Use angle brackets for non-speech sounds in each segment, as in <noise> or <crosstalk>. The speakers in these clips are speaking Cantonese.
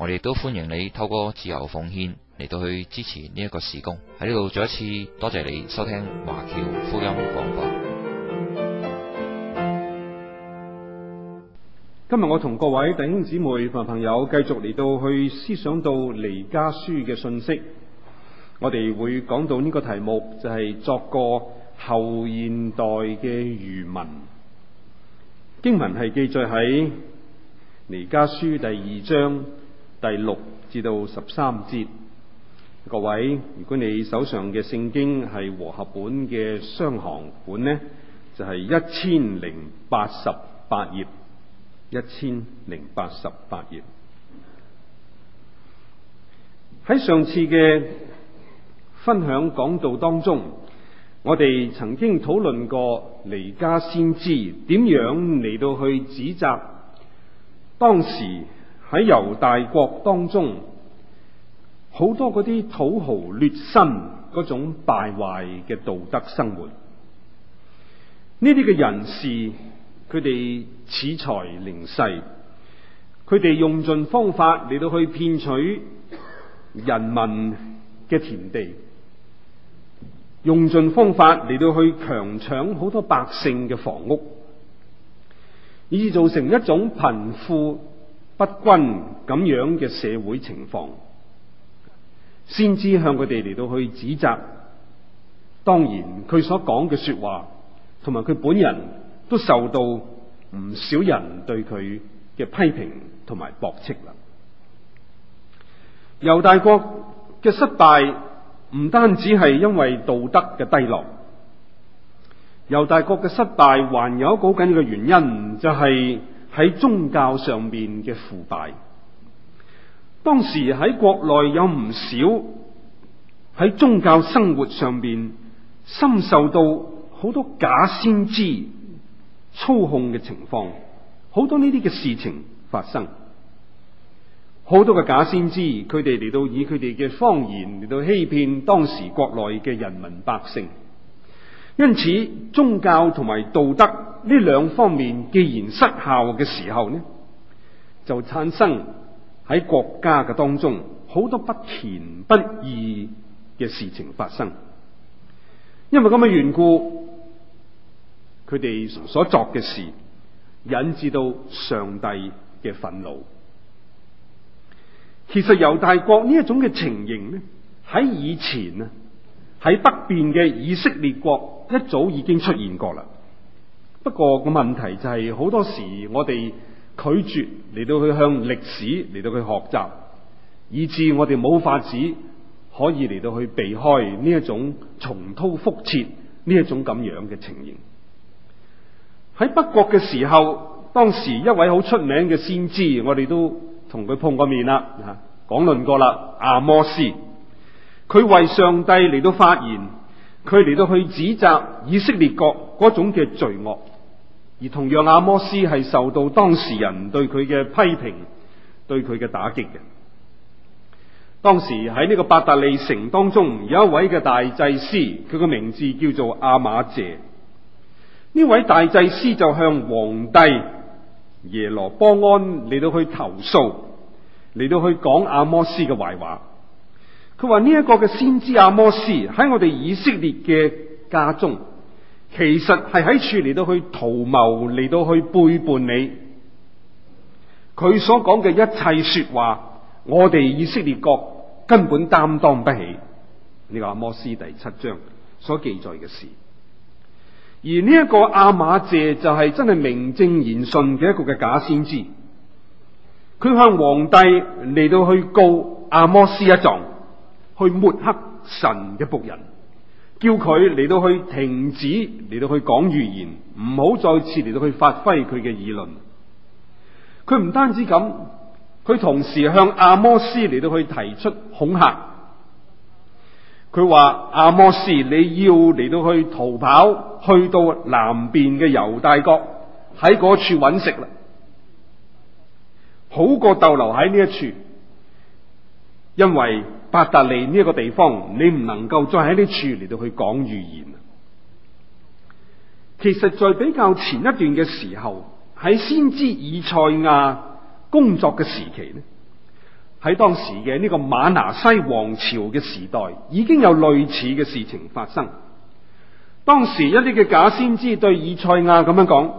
我哋都歡迎你透過自由奉獻嚟到去支持呢一個事工喺呢度。再一次多謝你收聽華僑福音廣播。法今日我同各位弟兄姊妹同埋朋友繼續嚟到去思想到彌迦書嘅信息，我哋會講到呢個題目就係、是、作個後現代嘅餘民。經文係記載喺彌迦書第二章。第六至到十三節，各位，如果你手上嘅聖經係和合本嘅雙行本呢，就係、是、一千零八十八頁，一千零八十八頁。喺上次嘅分享講道當中，我哋曾經討論過彌迦先知點樣嚟到去指責，當時。喺猶大國當中，好多嗰啲土豪劣紳嗰種敗壞嘅道德生活，呢啲嘅人士，佢哋恃財凌世，佢哋用盡方法嚟到去騙取人民嘅田地，用盡方法嚟到去強搶好多百姓嘅房屋，以致造成一種貧富。不均咁樣嘅社會情況，先知向佢哋嚟到去指責。當然，佢所講嘅說話同埋佢本人都受到唔少人對佢嘅批評同埋駁斥啦。猶大國嘅失敗唔單止係因為道德嘅低落，猶大國嘅失敗還有一個好緊要嘅原因就係、是。喺宗教上面嘅腐敗，當時喺國內有唔少喺宗教生活上面，深受到好多假先知操控嘅情況，好多呢啲嘅事情發生，好多嘅假先知，佢哋嚟到以佢哋嘅謊言嚟到欺騙當時國內嘅人民百姓。因此，宗教同埋道德呢兩方面既然失效嘅時候呢，就產生喺國家嘅當中好多不虔不義嘅事情發生。因為咁嘅緣故，佢哋所作嘅事引致到上帝嘅憤怒。其實猶大國呢一種嘅情形呢，喺以前啊，喺北邊嘅以色列國一早已經出現過啦，不過個問題就係、是、好多時我哋拒絕嚟到去向歷史嚟到去學習，以至我哋冇法子可以嚟到去避開呢一種重蹈覆轍呢一種咁樣嘅情形。喺北國嘅時候，當時一位好出名嘅先知，我哋都同佢碰過面啦，啊，講論過啦，阿摩斯。佢為上帝嚟到發言，佢嚟到去指責以色列國嗰種嘅罪惡，而同樣阿摩斯係受到當時人對佢嘅批評，對佢嘅打擊嘅。當時喺呢個八達利城當中，有一位嘅大祭司，佢嘅名字叫做阿馬謝。呢位大祭司就向皇帝耶羅波安嚟到去投訴，嚟到去講阿摩斯嘅壞話。佢話呢一個嘅先知阿摩斯喺我哋以色列嘅家中，其實係喺處嚟到去圖謀嚟到去背叛你。佢所講嘅一切說話，我哋以色列國根本擔當不起。呢個阿摩斯第七章所記載嘅事，而呢一個阿馬謝就係真係名正言順嘅一個嘅假先知。佢向皇帝嚟到去告阿摩斯一狀。去抹黑神嘅僕人，叫佢嚟到去停止，嚟到去講預言，唔好再次嚟到去發揮佢嘅議論。佢唔單止咁，佢同時向阿摩斯嚟到去提出恐嚇。佢話阿摩斯，你要嚟到去逃跑，去到南邊嘅猶大國喺嗰處揾食啦，好過逗留喺呢一處。因為伯特利呢一個地方，你唔能夠再喺呢處嚟到去講預言。其實，在比較前一段嘅時候，喺先知以賽亞工作嘅時期呢，喺當時嘅呢個馬拿西王朝嘅時代，已經有類似嘅事情發生。當時一啲嘅假先知對以賽亞咁樣講，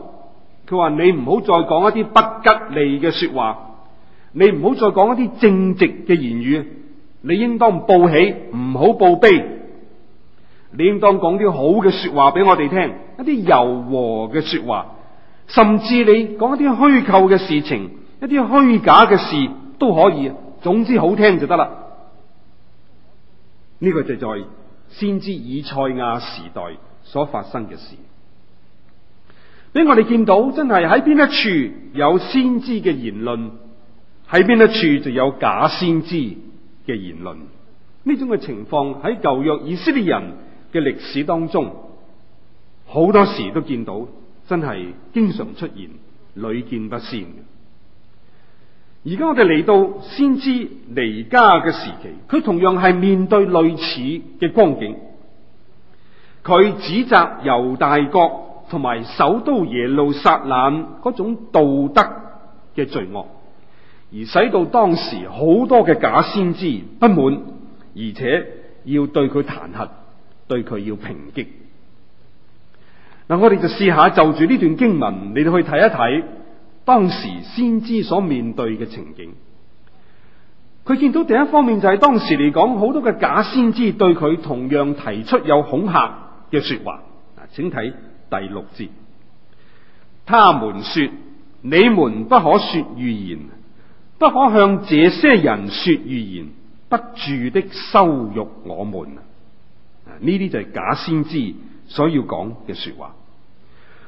佢話你唔好再講一啲不吉利嘅說話。你唔好再講一啲正直嘅言語，你應當報喜，唔好報悲。你應當講啲好嘅說話俾我哋聽，一啲柔和嘅說話，甚至你講一啲虛構嘅事情，一啲虛假嘅事都可以，總之好聽就得啦。呢、這個就係先知以賽亞時代所發生嘅事。俾我哋見到真係喺邊一處有先知嘅言論。喺邊一處就有假先知嘅言論，呢種嘅情況喺舊約以色列人嘅歷史當中，好多時都見到，真係經常出現，屢見不鮮。而家我哋嚟到先知彌迦嘅時期，佢同樣係面對類似嘅光景，佢指責猶大國同埋首都耶路撒冷嗰種道德嘅罪惡。而使到當時好多嘅假先知不滿，而且要對佢彈劾，對佢要抨擊。嗱，我哋就試下就住呢段經文，你哋去睇一睇當時先知所面對嘅情景。佢見到第一方面就係當時嚟講，好多嘅假先知對佢同樣提出有恐嚇嘅說話。嗱，請睇第六節，他們說：你們不可說預言。不可向這些人說預言，不住的羞辱我們啊！呢啲就係假先知所要講嘅說話。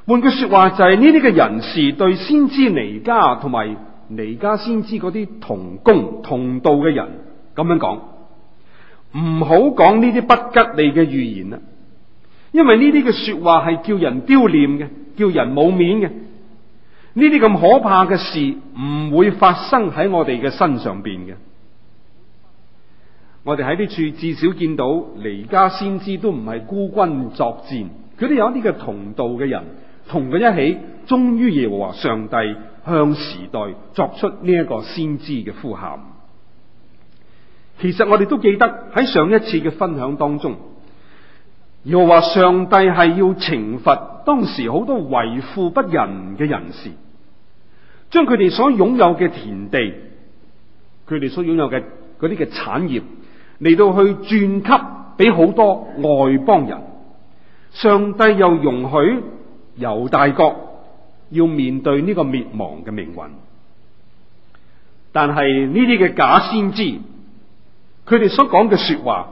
換句說話就係呢啲嘅人士對先知彌迦同埋彌迦先知嗰啲同工同道嘅人咁樣講，唔好講呢啲不吉利嘅預言啦，因為呢啲嘅說話係叫人丟臉嘅，叫人冇面嘅。呢啲咁可怕嘅事唔會發生喺我哋嘅身上邊嘅。我哋喺呢處至少見到彌迦先知都唔係孤軍作戰，佢哋有啲嘅同道嘅人同佢一起忠於耶和華上帝，向時代作出呢一個先知嘅呼喊。其實我哋都記得喺上一次嘅分享當中，又話上帝係要懲罰當時好多為富不仁嘅人士。將佢哋所擁有嘅田地，佢哋所擁有嘅嗰啲嘅產業嚟到去轉給俾好多外邦人。上帝又容許猶大國要面對呢個滅亡嘅命運，但係呢啲嘅假先知，佢哋所講嘅說話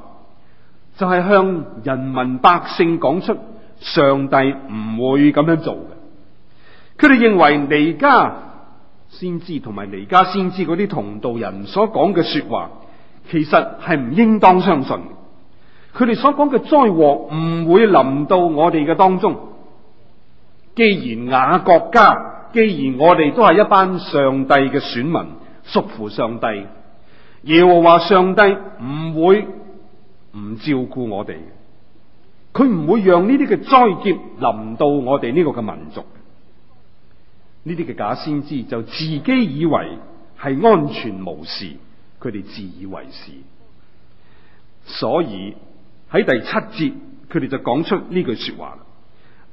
就係向人民百姓講出上帝唔會咁樣做嘅。佢哋認為而家。先知同埋尼家彌迦先知嗰啲同道人所講嘅說話，其實係唔應當相信。佢哋所講嘅災禍唔會臨到我哋嘅當中。既然雅各家，既然我哋都係一班上帝嘅選民，屬乎上帝。耶和華上帝唔會唔照顧我哋，佢唔會讓呢啲嘅災劫臨到我哋呢個嘅民族。呢啲嘅假先知就自己以為係安全無事，佢哋自以為是，所以喺第七節，佢哋就講出呢句說話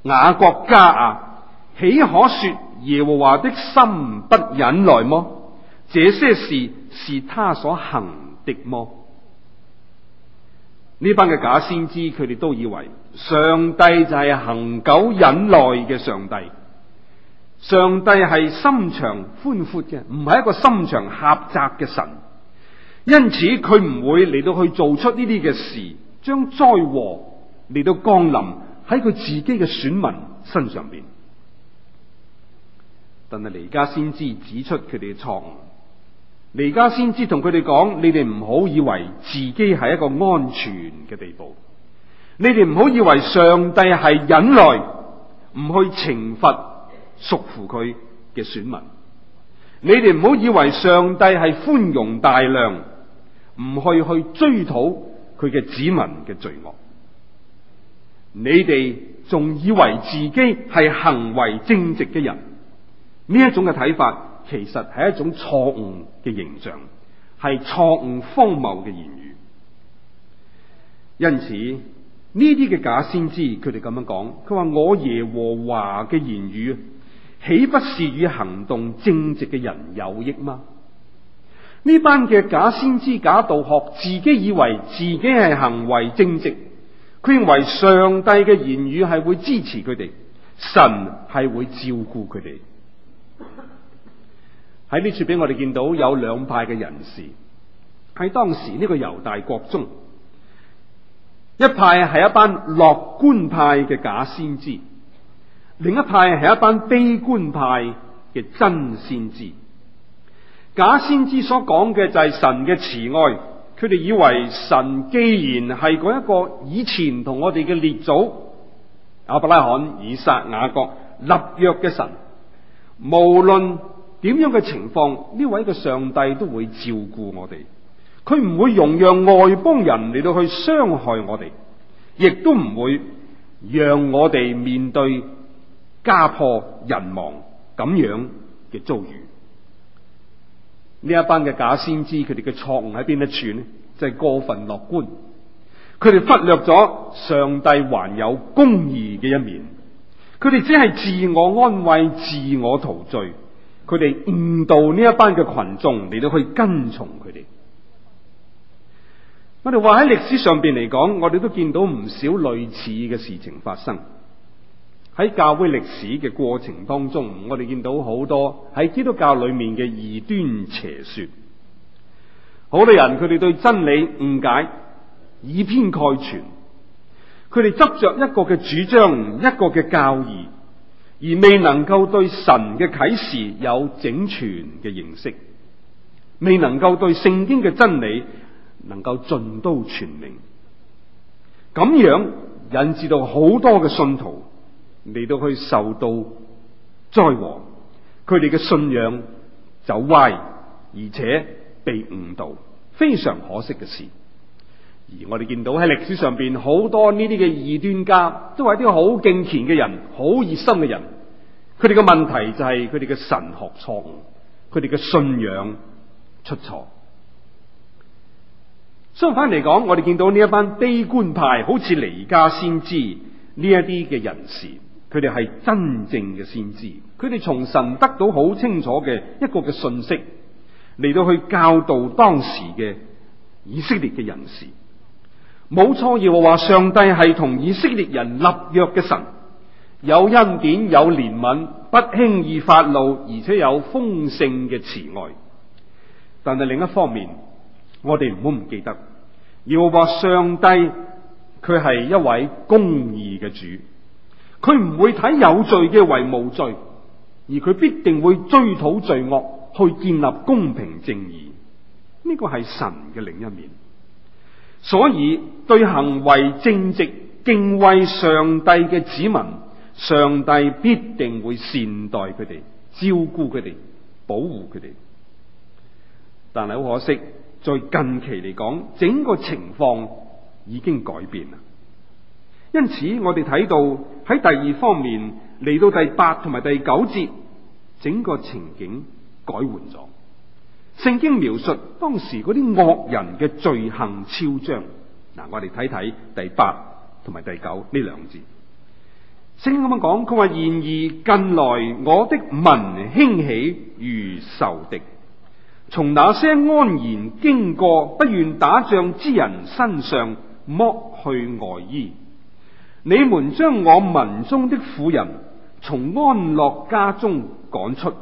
啦：雅各家啊，豈可說耶和華的心不忍耐麼？這些事是他所行的麼？呢班嘅假先知，佢哋都以為上帝就係恆久忍耐嘅上帝。上帝係心腸寬闊嘅，唔係一個心腸狹窄嘅神，因此佢唔會嚟到去做出呢啲嘅事，將災禍嚟到降臨喺佢自己嘅選民身上邊。但係彌迦先知指出佢哋嘅錯誤，彌迦先知同佢哋講：你哋唔好以為自己係一個安全嘅地步，你哋唔好以為上帝係忍耐，唔去懲罰。屬乎佢嘅選民，你哋唔好以為上帝係寬容大量，唔去去追討佢嘅子民嘅罪惡。你哋仲以為自己係行為正直嘅人，呢一種嘅睇法其實係一種錯誤嘅形象，係錯誤荒謬嘅言語。因此呢啲嘅假先知佢哋咁樣講，佢話我耶和華嘅言語。豈不是與行動正直嘅人有益嗎？呢班嘅假先知、假道學，自己以為自己係行為正直，佢認為上帝嘅言語係會支持佢哋，神係會照顧佢哋。喺呢處俾我哋見到有兩派嘅人士，喺當時呢個猶大國中，一派係一班樂觀派嘅假先知。另一派係一班悲觀派嘅真先知、假先知所講嘅就係神嘅慈愛。佢哋以為神既然係嗰一個以前同我哋嘅列祖亞伯拉罕、以撒、雅各立約嘅神，無論點樣嘅情況，呢位嘅上帝都會照顧我哋。佢唔會容讓外邦人嚟到去傷害我哋，亦都唔會讓我哋面對。家破人亡咁樣嘅遭遇，呢一班嘅假先知佢哋嘅錯誤喺邊一處呢？就係過分樂觀，佢哋忽略咗上帝還有公義嘅一面，佢哋只係自我安慰、自我陶醉，佢哋誤導呢一班嘅群眾你都可以跟從佢哋。我哋話喺歷史上邊嚟講，我哋都見到唔少類似嘅事情發生。喺教會歷史嘅過程當中，我哋見到好多喺基督教裏面嘅異端邪說，好多人佢哋對真理誤解，以偏概全，佢哋執着一個嘅主張，一個嘅教義，而未能夠對神嘅啟示有整全嘅認識，未能夠對聖經嘅真理能夠盡都全明，咁樣引致到好多嘅信徒。嚟到去受到災禍，佢哋嘅信仰就歪，而且被誤導，非常可惜嘅事。而我哋見到喺歷史上邊好多呢啲嘅異端家，都係啲好敬虔嘅人，好熱心嘅人。佢哋嘅問題就係佢哋嘅神學錯誤，佢哋嘅信仰出錯。相反嚟講，我哋見到呢一班悲觀派，好似彌迦先知呢一啲嘅人士。佢哋係真正嘅先知，佢哋從神得到好清楚嘅一個嘅信息，嚟到去教導當時嘅以色列嘅人士。冇錯，要話上帝係同以色列人立約嘅神，有恩典、有憐憫，不輕易發怒，而且有豐盛嘅慈愛。但係另一方面，我哋唔好唔記得，要話上帝佢係一位公義嘅主。佢唔會睇有罪嘅為無罪，而佢必定會追討罪惡，去建立公平正義。呢個係神嘅另一面。所以對行為正直、敬畏上帝嘅子民，上帝必定會善待佢哋，照顧佢哋，保護佢哋。但係好可惜，在近期嚟講，整個情況已經改變啦。因此，我哋睇到喺第二方面嚟到第八同埋第九節，整個情景改換咗。聖經描述當時嗰啲惡人嘅罪行囂張嗱，我哋睇睇第八同埋第九呢兩節。聖經咁樣講，佢話：然而近來我的民興起如仇敵，從那些安然經過、不願打仗之人身上剝去外、呃、衣。你們將我民中的婦人從安樂家中趕出，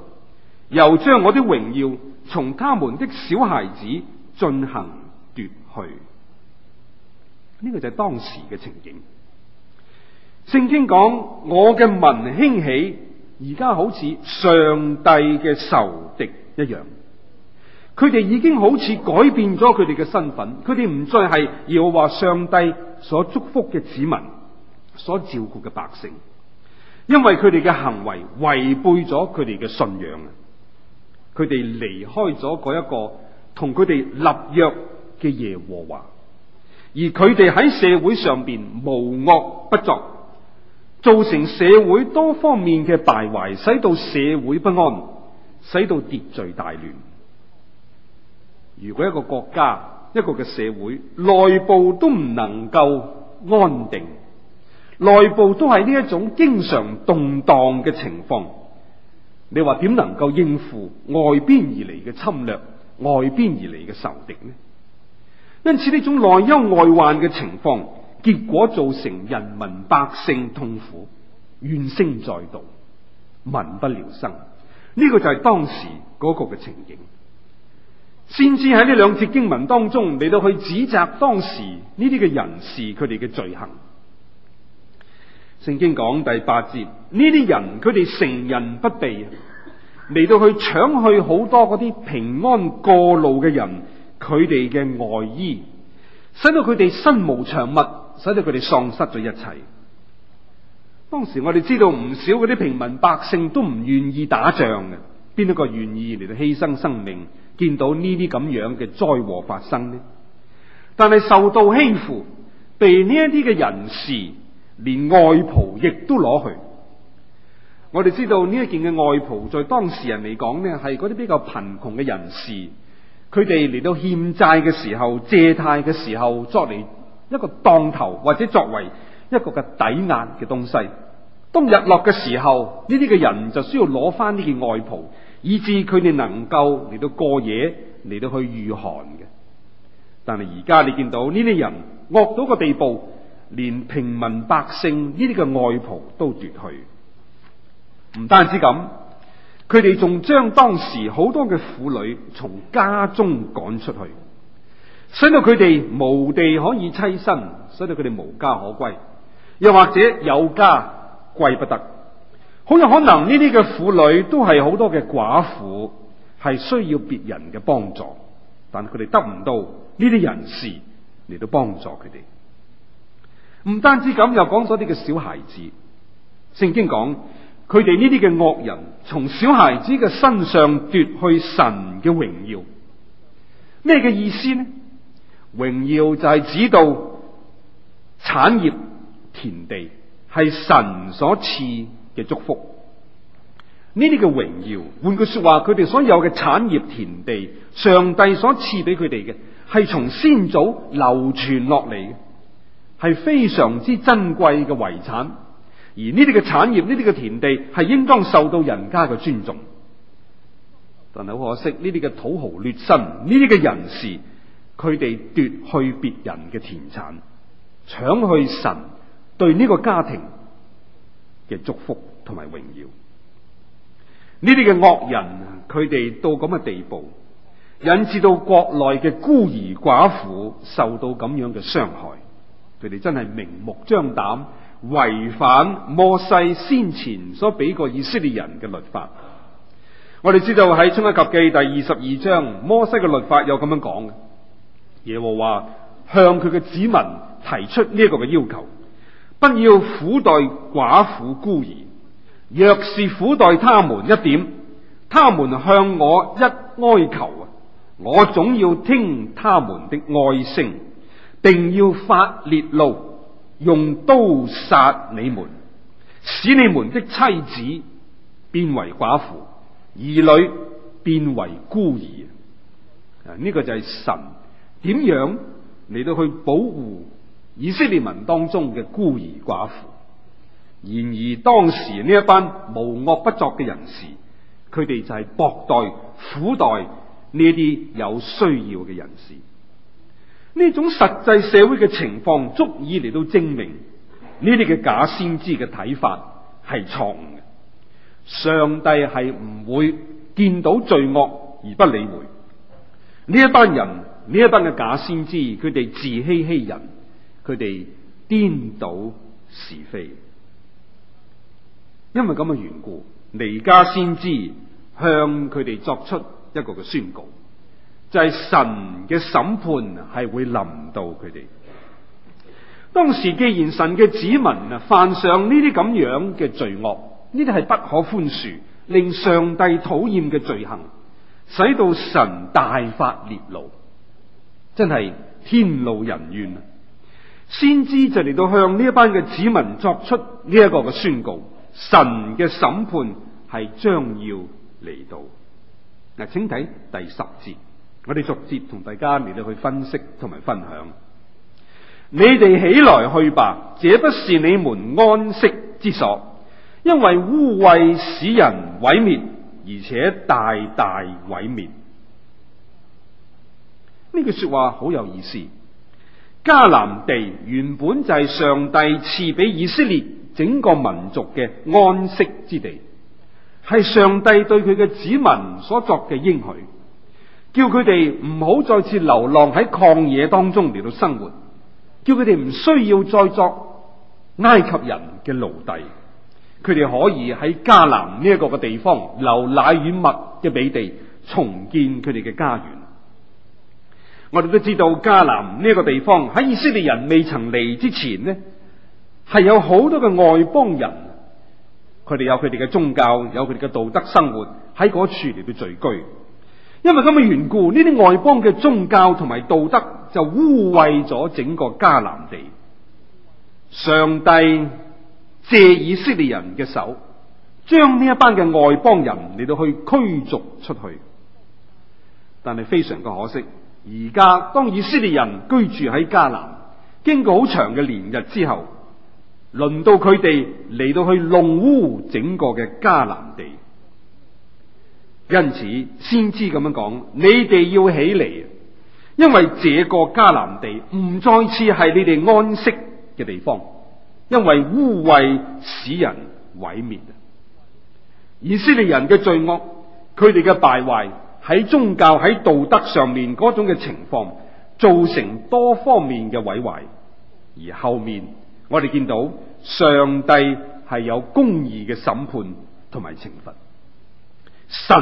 又將我的榮耀從他們的小孩子盡行奪去。呢、這個就係當時嘅情景。聖經講我嘅民興起，而家好似上帝嘅仇敵一樣。佢哋已經好似改變咗佢哋嘅身份，佢哋唔再係要話上帝所祝福嘅子民。所照顧嘅百姓，因為佢哋嘅行為違背咗佢哋嘅信仰，佢哋離開咗嗰一個同佢哋立約嘅耶和華，而佢哋喺社會上邊無惡不作，造成社會多方面嘅敗壞，使到社會不安，使到秩序大亂。如果一個國家、一個嘅社會內部都唔能夠安定，內部都係呢一種經常動蕩嘅情況，你話點能夠應付外邊而嚟嘅侵略、外邊而嚟嘅仇敵呢？因此呢種內憂外患嘅情況，結果造成人民百姓痛苦、怨聲載道、民不聊生。呢、這個就係當時嗰個嘅情景，先知喺呢兩節經文當中，嚟到去指責當時呢啲嘅人士佢哋嘅罪行。聖經講第八節，呢啲人佢哋乘人不備，嚟到去搶去好多嗰啲平安過路嘅人，佢哋嘅外衣，使到佢哋身無長物，使到佢哋喪失咗一切。當時我哋知道唔少嗰啲平民百姓都唔願意打仗嘅，邊一個願意嚟到犧牲生命，見到呢啲咁樣嘅災禍發生呢？但係受到欺負，被呢一啲嘅人士。連外袍亦都攞去。我哋知道呢一件嘅外袍，在當事人嚟講呢係嗰啲比較貧窮嘅人士，佢哋嚟到欠債嘅時候，借貸嘅時候，作嚟一個當頭或者作為一個嘅抵押嘅東西。當日落嘅時候，呢啲嘅人就需要攞返呢件外袍，以至佢哋能夠嚟到過夜，嚟到去御寒嘅。但係而家你見到呢啲人惡到個地步。連平民百姓呢啲嘅外婆都奪去，唔單止咁，佢哋仲將當時好多嘅婦女從家中趕出去，使到佢哋無地可以棲身，使到佢哋無家可歸，又或者有家歸不得，好有可能呢啲嘅婦女都係好多嘅寡婦，係需要別人嘅幫助，但佢哋得唔到呢啲人士嚟到幫助佢哋。唔單止咁，又講咗啲嘅小孩子。聖經講佢哋呢啲嘅惡人，從小孩子嘅身上奪去神嘅榮耀，咩嘅意思呢？榮耀就係指到產業田地係神所賜嘅祝福。呢啲嘅榮耀，換句說話，佢哋所有嘅產業田地，上帝所賜俾佢哋嘅，係從先祖流傳落嚟嘅。係非常之珍貴嘅遺產，而呢啲嘅產業、呢啲嘅田地係應當受到人家嘅尊重。但係好可惜，呢啲嘅土豪劣紳、呢啲嘅人士，佢哋奪去別人嘅田產，搶去神對呢個家庭嘅祝福同埋榮耀。呢啲嘅惡人，佢哋到咁嘅地步，引致到國內嘅孤兒寡婦受到咁樣嘅傷害。佢哋真係明目張膽違反摩西先前所俾過以色列人嘅律法。我哋知道喺《出埃及記》第二十二章，摩西嘅律法有咁樣講嘅。耶和華向佢嘅子民提出呢一個嘅要求：不要苦待寡婦孤兒。若是苦待他們一點，他們向我一哀求啊，我總要聽他們的哀聲。定要發烈怒，用刀殺你們，使你們的妻子變為寡婦，兒女變為孤兒。啊，呢、這個就係神點樣嚟到去保護以色列民當中嘅孤兒寡婦。然而當時呢一班無惡不作嘅人士，佢哋就係薄待、苦待呢啲有需要嘅人士。呢種實際社會嘅情況足以嚟到證明呢啲嘅假先知嘅睇法係錯誤嘅。上帝係唔會見到罪惡而不理會。呢一班人，呢一班嘅假先知，佢哋自欺欺人，佢哋顛倒是非。因為咁嘅緣故，彌迦先知向佢哋作出一個嘅宣告。就係神嘅審判係會臨到佢哋。當時既然神嘅子民啊犯上呢啲咁樣嘅罪惡，呢啲係不可寬恕、令上帝討厭嘅罪行，使到神大發烈怒，真係天怒人怨啊。先知就嚟到向呢一班嘅子民作出呢一個嘅宣告：神嘅審判係將要嚟到。嗱，請睇第十節。我哋逐節同大家嚟到去，分析同埋分享。你哋起來去吧，這不是你們安息之所，因為污穢使人毀滅，而且大大毀滅。呢句說話好有意思。迦南地原本就係上帝賜俾以色列整個民族嘅安息之地，係上帝對佢嘅子民所作嘅應許。叫佢哋唔好再次流浪喺曠野當中嚟到生活，叫佢哋唔需要再作埃及人嘅奴隸，佢哋可以喺迦南呢一個嘅地方留地，留奶與物流奶與蜜嘅美地重建佢哋嘅家園。我哋都知道迦南呢一個地方喺以色列人未曾嚟之前呢，係有好多嘅外邦人，佢哋有佢哋嘅宗教，有佢哋嘅道德生活喺嗰處嚟到聚居，因為咁嘅緣故，呢啲外邦嘅宗教同埋道德就污穢咗整個迦南地。上帝借以色列人嘅手，將呢一班嘅外邦人嚟到去驅逐出去。但係非常嘅可惜，而家當以色列人居住喺迦南，經過好長嘅年日之後，輪到佢哋嚟到去弄污整個嘅迦南地。因此，先知咁樣講，你哋要起嚟，因為這個迦南地唔再次係你哋安息嘅地方，因為污穢使人毀滅。以色列人嘅罪惡，佢哋嘅敗壞喺宗教喺道德上面嗰種嘅情況，造成多方面嘅毀壞。而後面我哋見到，上帝係有公義嘅審判同埋懲罰。神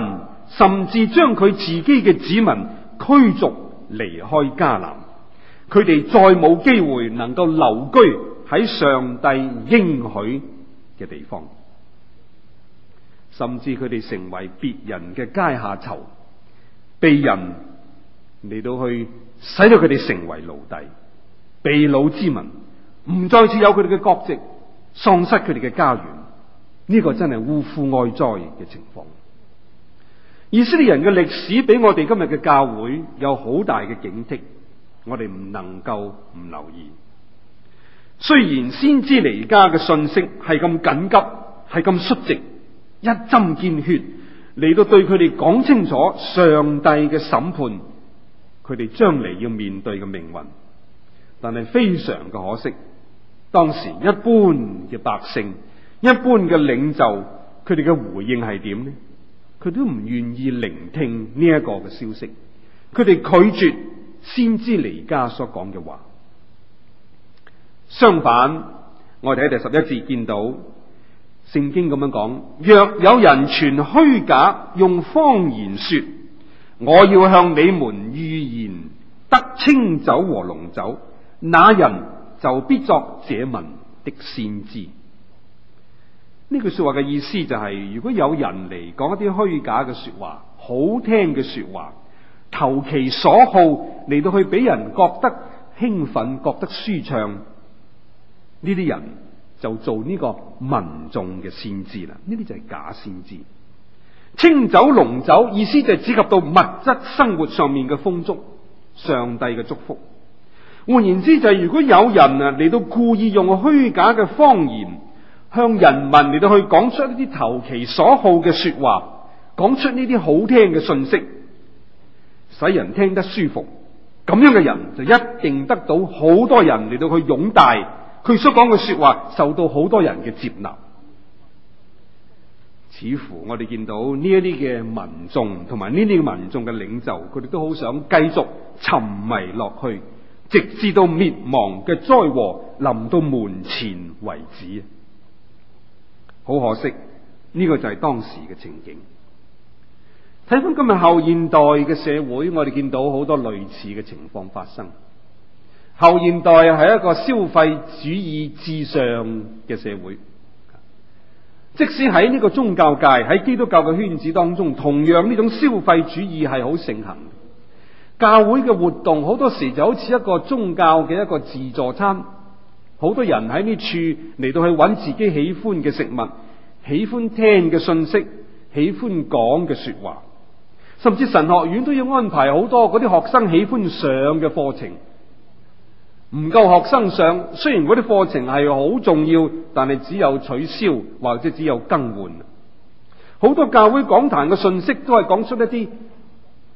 甚至將佢自己嘅子民驅逐離開迦南，佢哋再冇機會能夠留居喺上帝應許嘅地方，甚至佢哋成為別人嘅階下囚，被人嚟到去使到佢哋成為奴隸，被擄之民唔再持有佢哋嘅國籍，喪失佢哋嘅家園，呢、這個真係嗚呼哀哉嘅情況。以色列人嘅歷史俾我哋今日嘅教會有好大嘅警惕，我哋唔能夠唔留意。雖然先知彌迦嘅訊息係咁緊急，係咁率直，一針見血嚟到對佢哋講清楚上帝嘅審判，佢哋將嚟要面對嘅命運。但係非常嘅可惜，當時一般嘅百姓、一般嘅領袖，佢哋嘅回應係點呢？佢都唔願意聆聽呢一個嘅消息，佢哋拒絕先知彌迦所講嘅話。相反，我哋喺第十一節見到聖經咁樣講：若有人傳虛假，用謊言說，我要向你們預言得清酒和濃酒，那人就必作這民的先知。呢句說話嘅意思就係、是，如果有人嚟講一啲虛假嘅說話，好聽嘅說話，投其所好嚟到去俾人覺得興奮、覺得舒暢，呢啲人就做呢個民眾嘅先知啦。呢啲就係假先知。清酒濃酒，意思就係只及到物質生活上面嘅豐足，上帝嘅祝福。換言之、就是，就係如果有人啊嚟到故意用虛假嘅謊言，向人民嚟到去講出呢啲投其所好嘅說話，講出呢啲好聽嘅信息，使人聽得舒服。咁樣嘅人就一定得到好多人嚟到去擁戴，佢所講嘅說話，受到好多人嘅接納。似乎我哋見到呢一啲嘅民眾同埋呢啲民眾嘅領袖，佢哋都好想繼續沉迷落去，直至到滅亡嘅災禍臨到門前為止。好可惜，呢個就係當時嘅情景。睇翻今日後現代嘅社會，我哋見到好多類似嘅情況發生。後現代係一個消費主義至上嘅社會，即使喺呢個宗教界，喺基督教嘅圈子當中，同樣呢種消費主義係好盛行。教會嘅活動好多時就好似一個宗教嘅一個自助餐。好多人喺呢處嚟到去揾自己喜歡嘅食物、喜歡聽嘅信息、喜歡講嘅說話，甚至神學院都要安排好多嗰啲學生喜歡上嘅課程。唔夠學生上，雖然嗰啲課程係好重要，但係只有取消或者只有更換。好多教會講壇嘅信息都係講出一啲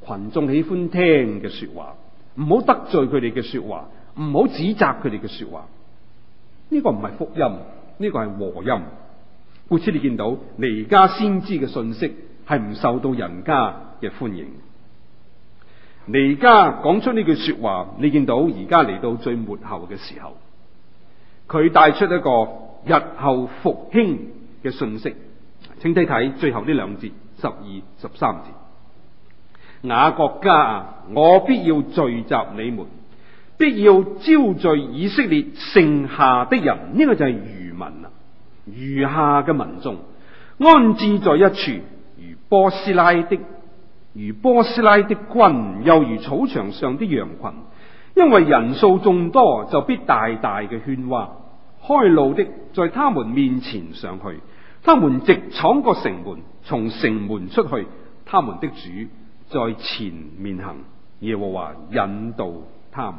群眾喜歡聽嘅說話，唔好得罪佢哋嘅說話，唔好指責佢哋嘅說話。呢個唔係福音，呢個係和音。故此你見到彌迦先知嘅信息係唔受到人家嘅歡迎。彌迦講出呢句說話，你見到而家嚟到最末後嘅時候，佢帶出一個日後復興嘅信息。請睇睇最後呢兩節，十二、十三節。雅各家啊，我必要聚集你們。必要招聚以色列剩下的人，呢、這個就係餘民啦。餘下嘅民眾安置在一處，如波斯拉的，如波斯拉的軍，又如草場上的羊群。因為人數眾多，就必大大嘅喧嘩。開路的在他們面前上去，他們直闖過城門，從城門出去。他們的主在前面行，耶和華引導他們。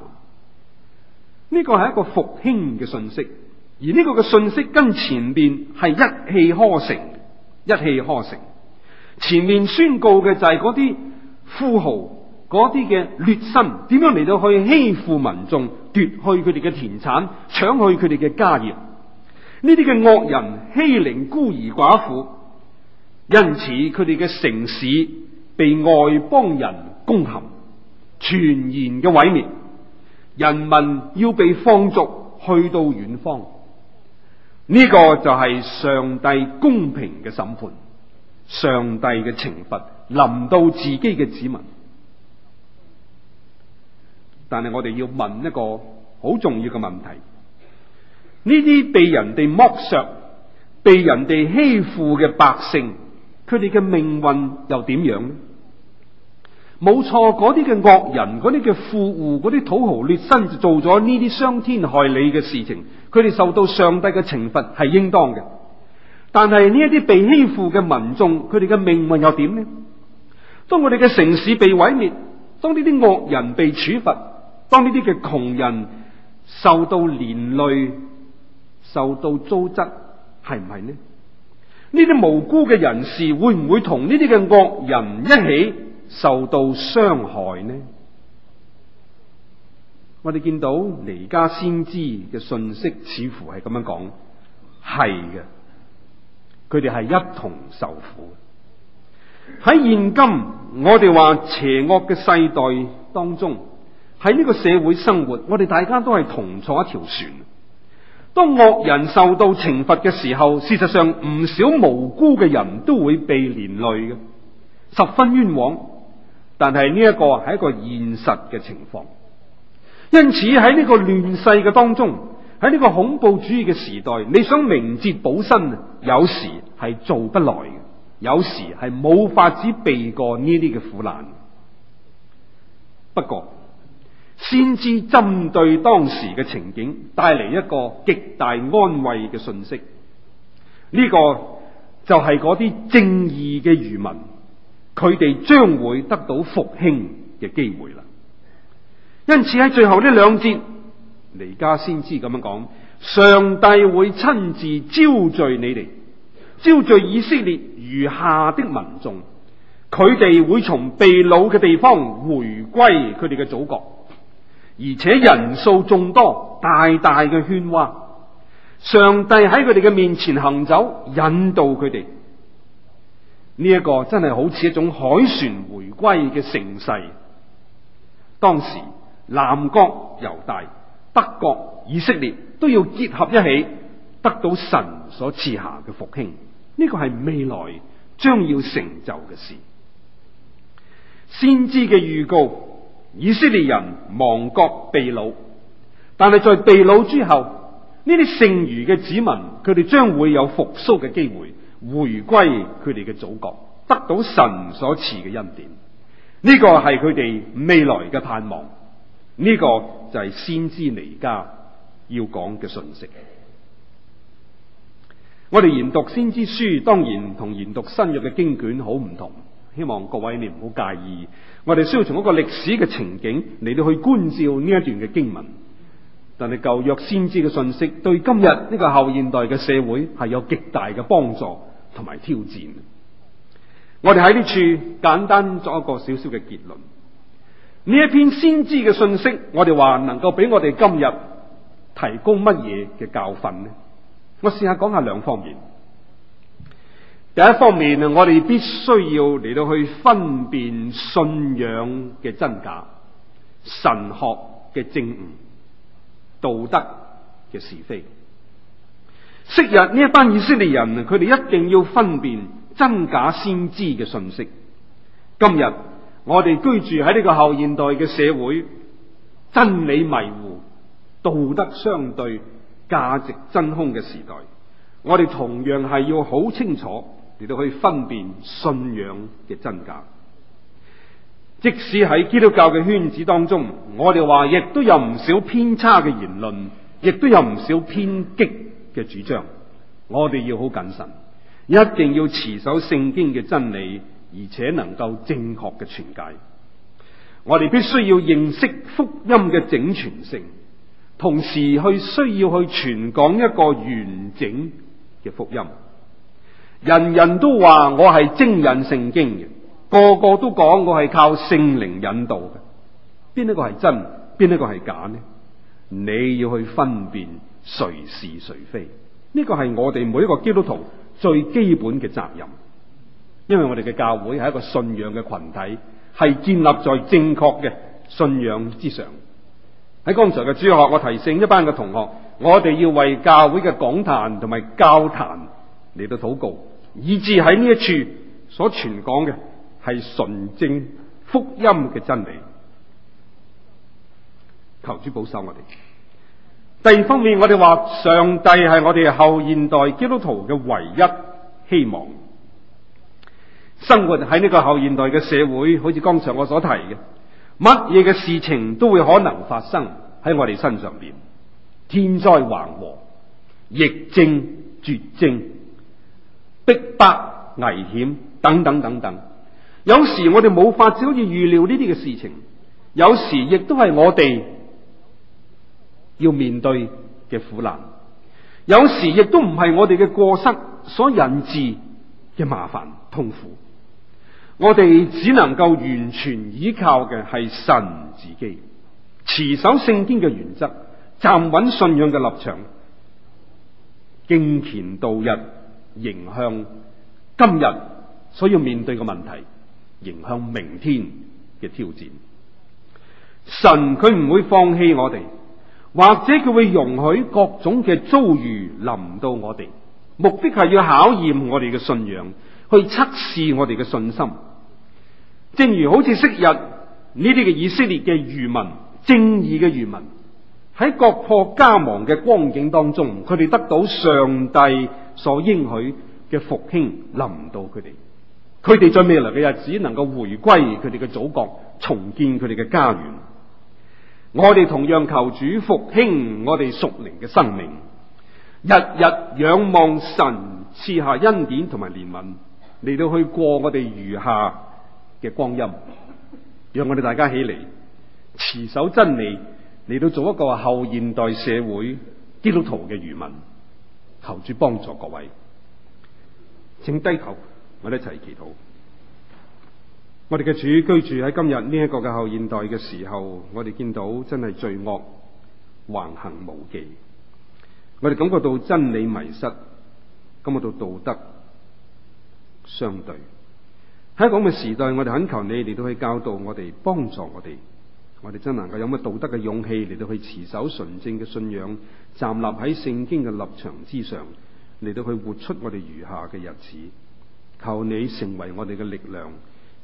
呢個係一個復興嘅信息，而呢個嘅信息跟前面係一氣呵成，一氣呵成。前面宣告嘅就係嗰啲富豪、嗰啲嘅劣紳點樣嚟到去欺負民眾、奪去佢哋嘅田產、搶去佢哋嘅家業，呢啲嘅惡人欺凌孤兒寡婦，因此佢哋嘅城市被外邦人攻陷，全然嘅毀滅。人民要被放逐去到遠方，呢個就係上帝公平嘅審判，上帝嘅懲罰臨到自己嘅子民。但係我哋要問一個好重要嘅問題：呢啲被人哋剝削、被人哋欺負嘅百姓，佢哋嘅命運又點樣呢？冇錯，嗰啲嘅惡人、嗰啲嘅富戶、嗰啲土豪劣紳就做咗呢啲傷天害理嘅事情，佢哋受到上帝嘅懲罰係應當嘅。但係呢一啲被欺負嘅民眾，佢哋嘅命運又點呢？當我哋嘅城市被毀滅，當呢啲惡人被處罰，當呢啲嘅窮人受到連累、受到糟質，係唔係呢？呢啲無辜嘅人士會唔會同呢啲嘅惡人一起？受到傷害呢？我哋見到彌迦先知嘅信息，似乎係咁樣講，係嘅。佢哋係一同受苦。喺現今我哋話邪惡嘅世代當中，喺呢個社會生活，我哋大家都係同坐一條船。當惡人受到懲罰嘅時候，事實上唔少無辜嘅人都會被連累嘅，十分冤枉。但係呢一個係一個現實嘅情況，因此，喺呢個亂世嘅當中，喺呢個恐怖主義嘅時代，你想明哲保身，有時係做不來，有時係冇法子避過呢啲嘅苦難。不過，先知針對當時嘅情景，帶嚟一個極大安慰嘅信息，呢、這個就係嗰啲正義嘅餘民。佢哋將會得到復興嘅機會啦，因此喺最後呢兩節，彌迦先知咁樣講，上帝會親自招聚你哋，招聚以色列餘下的民眾，佢哋會從被擄嘅地方回歸佢哋嘅祖國，而且人數眾多，大大嘅喧嘩，上帝喺佢哋嘅面前行走，引導佢哋。呢一個真係好似一種海船回歸嘅盛世。當時南國猶大、德國、以色列都要結合一起，得到神所賜下嘅復興。呢個係未來將要成就嘅事。先知嘅預告：以色列人亡國被擄，但係在被擄之後，呢啲剩餘嘅子民，佢哋將會有復蘇嘅機會。回歸佢哋嘅祖國，得到神所賜嘅恩典，呢個係佢哋未來嘅盼望。呢個就係先知彌迦要講嘅訊息。 <music> 我哋研讀先知書，當然同研讀新約嘅經卷好唔同。希望各位你唔好介意。我哋需要從一個歷史嘅情景嚟到去觀照呢一段嘅經文。但係舊約先知嘅訊息對今日呢個後現代嘅社會係有極大嘅幫助。同埋挑戰，我哋喺呢處簡單作一個少少嘅結論。呢一篇先知嘅信息，我哋話能夠俾我哋今日提供乜嘢嘅教訓呢？我試下講下兩方面。第一方面，我哋必須要嚟到去分辨信仰嘅真假、神學嘅正誤、道德嘅是非。昔日呢一班以色列人，佢哋一定要分辨真假先知嘅信息。今日我哋居住喺呢個後現代嘅社會，真理迷糊、道德相對、價值真空嘅時代，我哋同樣係要好清楚亦都可以分辨信仰嘅真假。即使喺基督教嘅圈子當中，我哋話亦都有唔少偏差嘅言論，亦都有唔少偏激嘅主張，我哋要好謹慎，一定要持守聖經嘅真理，而且能夠正確嘅傳解。我哋必須要認識福音嘅整全性，同時去需要去傳講一個完整嘅福音。人人都話我係精引聖經嘅，個個都講我係靠聖靈引導嘅，邊一個係真，邊一個係假呢？你要去分辨。誰是誰非？呢個係我哋每一個基督徒最基本嘅責任，因為我哋嘅教會係一個信仰嘅群體，係建立在正確嘅信仰之上。喺剛才嘅主學，我提醒一班嘅同學，我哋要為教會嘅講壇同埋教壇嚟到禱告，以致喺呢一處所傳講嘅係純正福音嘅真理。求主保守我哋。第二方面我，我哋話上帝係我哋後現代基督徒嘅唯一希望。生活喺呢個後現代嘅社會，好似剛才我所提嘅，乜嘢嘅事情都會可能發生喺我哋身上邊，天災橫禍、疫症、絕症、逼迫危、危險等等等等。有時我哋冇法子好似預料呢啲嘅事情，有時亦都係我哋。要面對嘅苦難，有時亦都唔係我哋嘅過失所引致嘅麻煩、痛苦。我哋只能夠完全依靠嘅係神自己，持守聖經嘅原則，站穩信仰嘅立場，敬虔度日，迎向今日所要面對嘅問題，迎向明天嘅挑戰。神佢唔會放棄我哋。或者佢會容許各種嘅遭遇臨到我哋，目的係要考驗我哋嘅信仰，去測試我哋嘅信心。正如好似昔日呢啲嘅以色列嘅餘民，正義嘅餘民喺國破家亡嘅光景當中，佢哋得到上帝所應許嘅復興臨到佢哋，佢哋在未來嘅日子能夠回歸佢哋嘅祖國，重建佢哋嘅家園。我哋同樣求主復興我哋屬靈嘅生命，日日仰望神賜下恩典同埋憐憫，嚟到去過我哋餘下嘅光陰。讓我哋大家起嚟，持守真理，嚟到做一個後現代社會基督徒嘅餘民，求主幫助各位，請低頭，我哋一齊祈禱。我哋嘅主居，居住喺今日呢一個嘅後現代嘅時候，我哋見到真係罪惡橫行無忌，我哋感覺到真理迷失，感覺到道德相對，喺咁嘅時代，我哋懇求你哋都可以教導我哋，幫助我哋，我哋真能夠有乜道德嘅勇氣嚟到去持守純正嘅信仰，站立喺聖經嘅立場之上，嚟到去活出我哋餘下嘅日子。求你成為我哋嘅力量。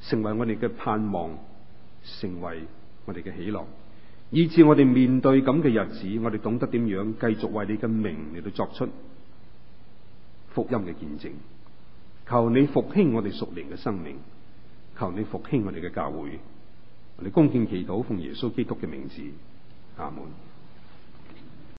成為我哋嘅盼望，成為我哋嘅喜樂，以致我哋面對咁嘅日子，我哋懂得點樣繼續為你嘅名嚟到作出福音嘅見證。求你復興我哋屬靈嘅生命，求你復興我哋嘅教會，我哋恭敬祈禱，奉耶穌基督嘅名字，阿門。